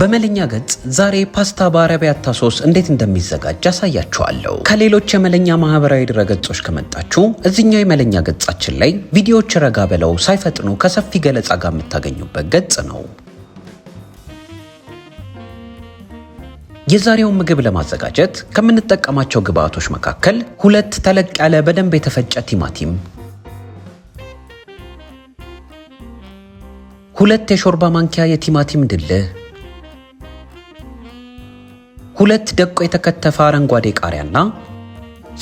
በመለኛ ገጽ ዛሬ ፓስታ በአረቢያታ ሶስ እንዴት እንደሚዘጋጅ አሳያችኋለሁ። ከሌሎች የመለኛ ማህበራዊ ድረገጾች ከመጣችሁ እዚኛው የመለኛ ገጻችን ላይ ቪዲዮዎች ረጋ ብለው ሳይፈጥኑ ከሰፊ ገለጻ ጋር የምታገኙበት ገጽ ነው። የዛሬውን ምግብ ለማዘጋጀት ከምንጠቀማቸው ግብአቶች መካከል ሁለት ተለቅ ያለ በደንብ የተፈጨ ቲማቲም ሁለት የሾርባ ማንኪያ የቲማቲም ድልህ፣ ሁለት ደቆ የተከተፈ አረንጓዴ ቃሪያና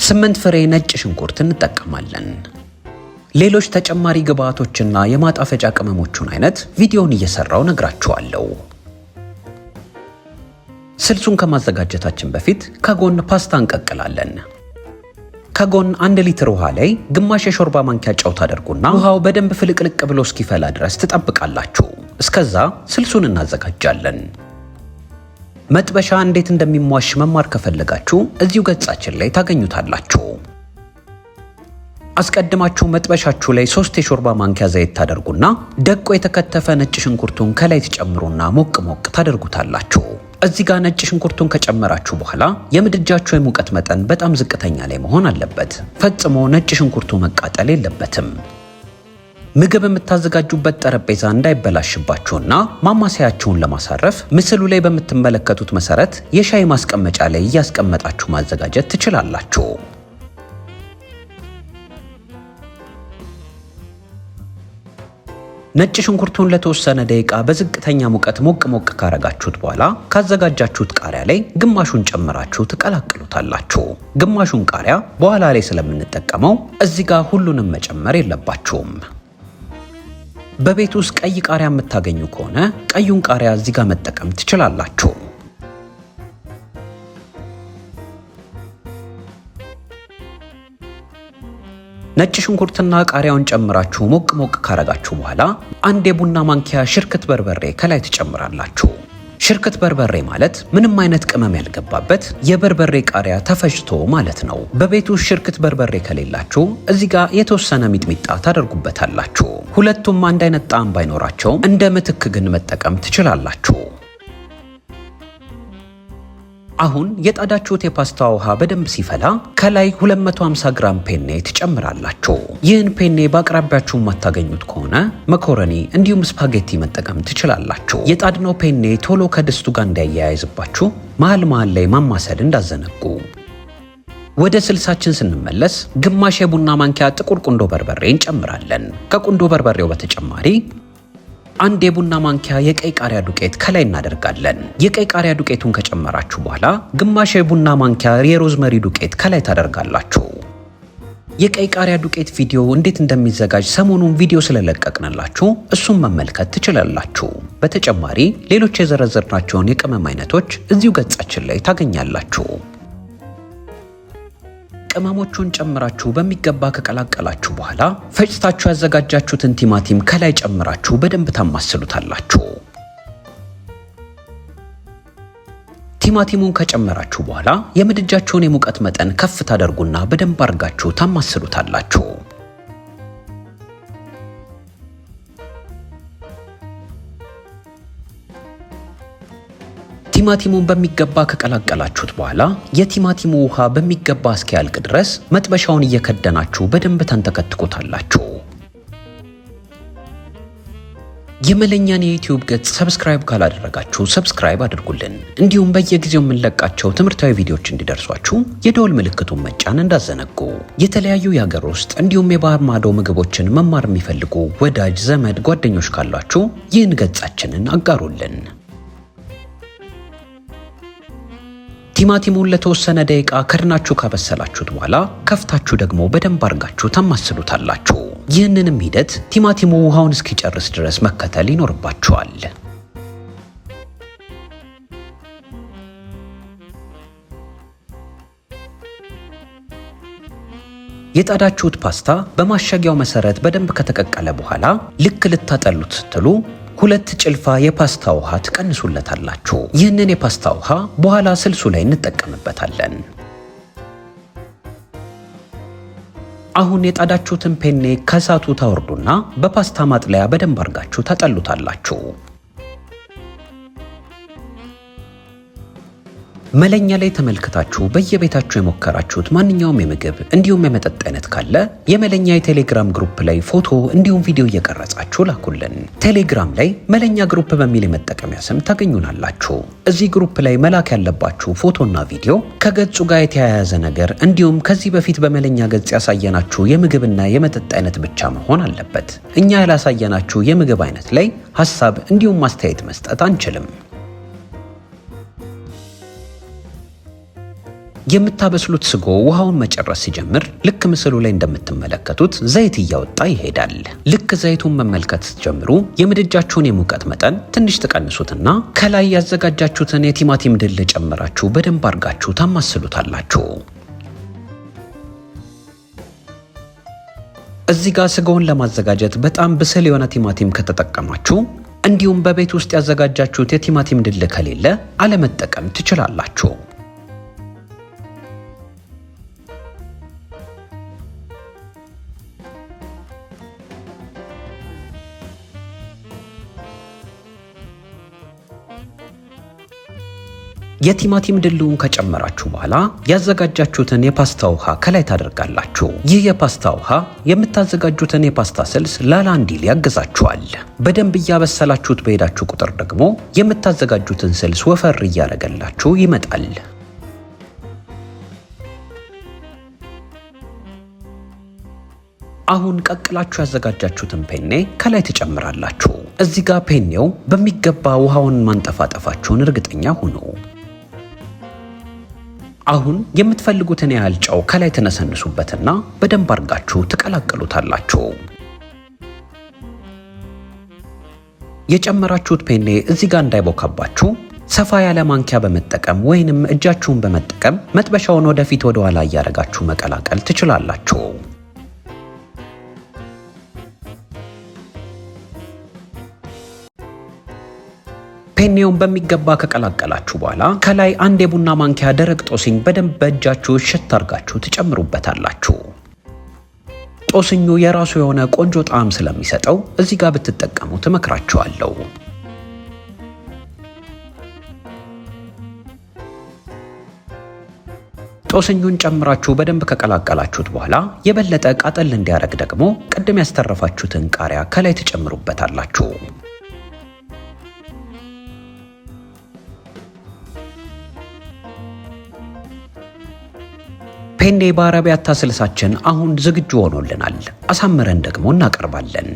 ስምንት ፍሬ ነጭ ሽንኩርት እንጠቀማለን። ሌሎች ተጨማሪ ግብአቶችና የማጣፈጫ ቅመሞቹን አይነት ቪዲዮውን እየሰራው ነግራችኋለሁ። ስልሱን ከማዘጋጀታችን በፊት ከጎን ፓስታ እንቀቅላለን። ከጎን አንድ ሊትር ውሃ ላይ ግማሽ የሾርባ ማንኪያ ጨው ታደርጉና ውሃው በደንብ ፍልቅልቅ ብሎ እስኪፈላ ድረስ ትጠብቃላችሁ። እስከዛ ስልሱን እናዘጋጃለን። መጥበሻ እንዴት እንደሚሟሽ መማር ከፈለጋችሁ እዚሁ ገጻችን ላይ ታገኙታላችሁ። አስቀድማችሁ መጥበሻችሁ ላይ ሶስት የሾርባ ማንኪያ ዘይት ታደርጉና ደቆ የተከተፈ ነጭ ሽንኩርቱን ከላይ ትጨምሩና ሞቅ ሞቅ ታደርጉታላችሁ። እዚህ ጋር ነጭ ሽንኩርቱን ከጨመራችሁ በኋላ የምድጃችሁ የሙቀት መጠን በጣም ዝቅተኛ ላይ መሆን አለበት። ፈጽሞ ነጭ ሽንኩርቱ መቃጠል የለበትም። ምግብ የምታዘጋጁበት ጠረጴዛ እንዳይበላሽባችሁና ማማሰያችሁን ለማሳረፍ ምስሉ ላይ በምትመለከቱት መሰረት የሻይ ማስቀመጫ ላይ እያስቀመጣችሁ ማዘጋጀት ትችላላችሁ። ነጭ ሽንኩርቱን ለተወሰነ ደቂቃ በዝቅተኛ ሙቀት ሞቅ ሞቅ ካረጋችሁት በኋላ ካዘጋጃችሁት ቃሪያ ላይ ግማሹን ጨምራችሁ ትቀላቅሉታላችሁ። ግማሹን ቃሪያ በኋላ ላይ ስለምንጠቀመው እዚህ ጋር ሁሉንም መጨመር የለባችሁም። በቤት ውስጥ ቀይ ቃሪያ የምታገኙ ከሆነ ቀዩን ቃሪያ እዚህ ጋር መጠቀም ትችላላችሁ። ነጭ ሽንኩርትና ቃሪያውን ጨምራችሁ ሞቅ ሞቅ ካረጋችሁ በኋላ አንድ የቡና ማንኪያ ሽርክት በርበሬ ከላይ ትጨምራላችሁ። ሽርክት በርበሬ ማለት ምንም አይነት ቅመም ያልገባበት የበርበሬ ቃሪያ ተፈጭቶ ማለት ነው። በቤቱ ሽርክት በርበሬ ከሌላችሁ እዚህ ጋር የተወሰነ ሚጥሚጣ ታደርጉበታላችሁ። ሁለቱም አንድ አይነት ጣዕም ባይኖራቸውም እንደ ምትክ ግን መጠቀም ትችላላችሁ። አሁን የጣዳችሁት የፓስታ ውሃ በደንብ ሲፈላ ከላይ 250 ግራም ፔኔ ትጨምራላችሁ። ይህን ፔኔ በአቅራቢያችሁ የማታገኙት ከሆነ መኮረኒ እንዲሁም ስፓጌቲ መጠቀም ትችላላችሁ። የጣድነው ፔኔ ቶሎ ከድስቱ ጋር እንዳያያይዝባችሁ መሀል መሀል ላይ ማማሰል እንዳዘነጉ። ወደ ስልሳችን ስንመለስ ግማሽ የቡና ማንኪያ ጥቁር ቁንዶ በርበሬ እንጨምራለን። ከቁንዶ በርበሬው በተጨማሪ አንድ የቡና ማንኪያ የቀይ ቃሪያ ዱቄት ከላይ እናደርጋለን። የቀይ ቃሪያ ዱቄቱን ከጨመራችሁ በኋላ ግማሽ የቡና ማንኪያ የሮዝመሪ ዱቄት ከላይ ታደርጋላችሁ። የቀይ ቃሪያ ዱቄት ቪዲዮ እንዴት እንደሚዘጋጅ ሰሞኑን ቪዲዮ ስለለቀቅንላችሁ እሱን መመልከት ትችላላችሁ። በተጨማሪ ሌሎች የዘረዘርናቸውን የቅመም አይነቶች እዚሁ ገጻችን ላይ ታገኛላችሁ። ቅመሞቹን ጨምራችሁ በሚገባ ከቀላቀላችሁ በኋላ ፈጭታችሁ ያዘጋጃችሁትን ቲማቲም ከላይ ጨምራችሁ በደንብ ታማስሉታላችሁ። ቲማቲሙን ከጨመራችሁ በኋላ የምድጃችሁን የሙቀት መጠን ከፍ ታደርጉና በደንብ አድርጋችሁ ታማስሉታላችሁ። ቲማቲሙን በሚገባ ከቀላቀላችሁት በኋላ የቲማቲሙ ውሃ በሚገባ እስኪያልቅ ድረስ መጥበሻውን እየከደናችሁ በደንብ ተንተከትኩታላችሁ። የመለኛን የዩቲዩብ ገጽ ሰብስክራይብ ካላደረጋችሁ ሰብስክራይብ አድርጉልን። እንዲሁም በየጊዜው የምንለቃቸው ትምህርታዊ ቪዲዮዎች እንዲደርሷችሁ የደወል ምልክቱን መጫን እንዳዘነጉ። የተለያዩ የሀገር ውስጥ እንዲሁም የባህር ማዶ ምግቦችን መማር የሚፈልጉ ወዳጅ ዘመድ ጓደኞች ካሏችሁ ይህን ገጻችንን አጋሩልን። ቲማቲሙን ለተወሰነ ደቂቃ ከድናችሁ ካበሰላችሁት በኋላ ከፍታችሁ ደግሞ በደንብ አድርጋችሁ ታማስሉታላችሁ። ይህንንም ሂደት ቲማቲሙ ውሃውን እስኪጨርስ ድረስ መከተል ይኖርባችኋል። የጣዳችሁት ፓስታ በማሸጊያው መሰረት በደንብ ከተቀቀለ በኋላ ልክ ልታጠሉት ስትሉ ሁለት ጭልፋ የፓስታ ውሃ ትቀንሱለታላችሁ። ይህንን የፓስታ ውሃ በኋላ ስልሱ ላይ እንጠቀምበታለን። አሁን የጣዳችሁትን ፔኔ ከእሳቱ ታወርዱና በፓስታ ማጥለያ በደንብ አርጋችሁ ታጠሉታላችሁ። መለኛ ላይ ተመልክታችሁ በየቤታችሁ የሞከራችሁት ማንኛውም የምግብ እንዲሁም የመጠጥ አይነት ካለ የመለኛ የቴሌግራም ግሩፕ ላይ ፎቶ እንዲሁም ቪዲዮ እየቀረጻችሁ ላኩልን። ቴሌግራም ላይ መለኛ ግሩፕ በሚል የመጠቀሚያ ስም ታገኙናላችሁ። እዚህ ግሩፕ ላይ መላክ ያለባችሁ ፎቶና ቪዲዮ ከገጹ ጋር የተያያዘ ነገር እንዲሁም ከዚህ በፊት በመለኛ ገጽ ያሳየናችሁ የምግብና የመጠጥ አይነት ብቻ መሆን አለበት። እኛ ያላሳየናችሁ የምግብ አይነት ላይ ሀሳብ እንዲሁም ማስተያየት መስጠት አንችልም። የምታበስሉት ስጎ ውሃውን መጨረስ ሲጀምር ልክ ምስሉ ላይ እንደምትመለከቱት ዘይት እያወጣ ይሄዳል። ልክ ዘይቱን መመልከት ስትጀምሩ የምድጃችሁን የሙቀት መጠን ትንሽ ትቀንሱትና ከላይ ያዘጋጃችሁትን የቲማቲም ድል ጨምራችሁ በደንብ አድርጋችሁ ታማስሉታላችሁ። እዚህ ጋር ስጋውን ለማዘጋጀት በጣም ብስል የሆነ ቲማቲም ከተጠቀማችሁ እንዲሁም በቤት ውስጥ ያዘጋጃችሁት የቲማቲም ድል ከሌለ አለመጠቀም ትችላላችሁ። የቲማቲም ድልውን ከጨመራችሁ በኋላ ያዘጋጃችሁትን የፓስታ ውሃ ከላይ ታደርጋላችሁ። ይህ የፓስታ ውሃ የምታዘጋጁትን የፓስታ ስልስ ላላ እንዲል ያግዛችኋል። በደንብ እያበሰላችሁት በሄዳችሁ ቁጥር ደግሞ የምታዘጋጁትን ስልስ ወፈር እያደረገላችሁ ይመጣል። አሁን ቀቅላችሁ ያዘጋጃችሁትን ፔኔ ከላይ ትጨምራላችሁ። እዚህ ጋር ፔኔው በሚገባ ውሃውን ማንጠፋጠፋችሁን እርግጠኛ ሁኑ። አሁን የምትፈልጉትን ያህል ጨው ከላይ ትነሰንሱበትና በደንብ አድርጋችሁ ትቀላቀሉታላችሁ። የጨመራችሁት ፔኔ እዚህ ጋር እንዳይቦካባችሁ ሰፋ ያለ ማንኪያ በመጠቀም ወይንም እጃችሁን በመጠቀም መጥበሻውን ወደፊት ወደኋላ እያደረጋችሁ መቀላቀል ትችላላችሁ። ፔኔውን በሚገባ ከቀላቀላችሁ በኋላ ከላይ አንድ የቡና ማንኪያ ደረቅ ጦስኝ በደንብ በእጃችሁ እሽት አርጋችሁ ትጨምሩበታላችሁ። ጦስኙ የራሱ የሆነ ቆንጆ ጣዕም ስለሚሰጠው እዚህ ጋር ብትጠቀሙ ትመክራችኋለሁ። ጦስኙን ጨምራችሁ በደንብ ከቀላቀላችሁት በኋላ የበለጠ ቃጠል እንዲያደርግ ደግሞ ቅድም ያስተረፋችሁትን ቃሪያ ከላይ ትጨምሩበታላችሁ። ቴንዴ በአረቢያታ ስልሳችን አሁን ዝግጁ ሆኖልናል። አሳምረን ደግሞ እናቀርባለን።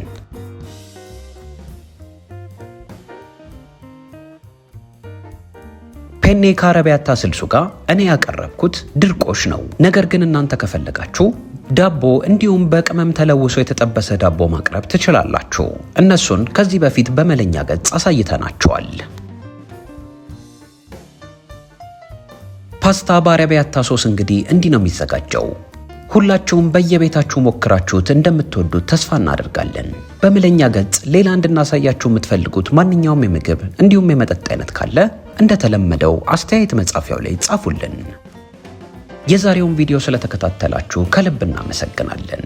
ፔኔ ከአረቢያታ ስልሱ ጋር እኔ ያቀረብኩት ድርቆሽ ነው። ነገር ግን እናንተ ከፈለጋችሁ ዳቦ እንዲሁም በቅመም ተለውሶ የተጠበሰ ዳቦ ማቅረብ ትችላላችሁ። እነሱን ከዚህ በፊት በመለኛ ገጽ አሳይተናቸዋል። ፓስታ በአረቢያታ ሶስ እንግዲህ እንዲህ ነው የሚዘጋጀው። ሁላችሁም በየቤታችሁ ሞክራችሁት እንደምትወዱት ተስፋ እናደርጋለን። በምለኛ ገጽ ሌላ እንድናሳያችሁ የምትፈልጉት ማንኛውም የምግብ እንዲሁም የመጠጥ አይነት ካለ እንደተለመደው አስተያየት መጻፊያው ላይ ጻፉልን። የዛሬውን ቪዲዮ ስለተከታተላችሁ ከልብ እናመሰግናለን።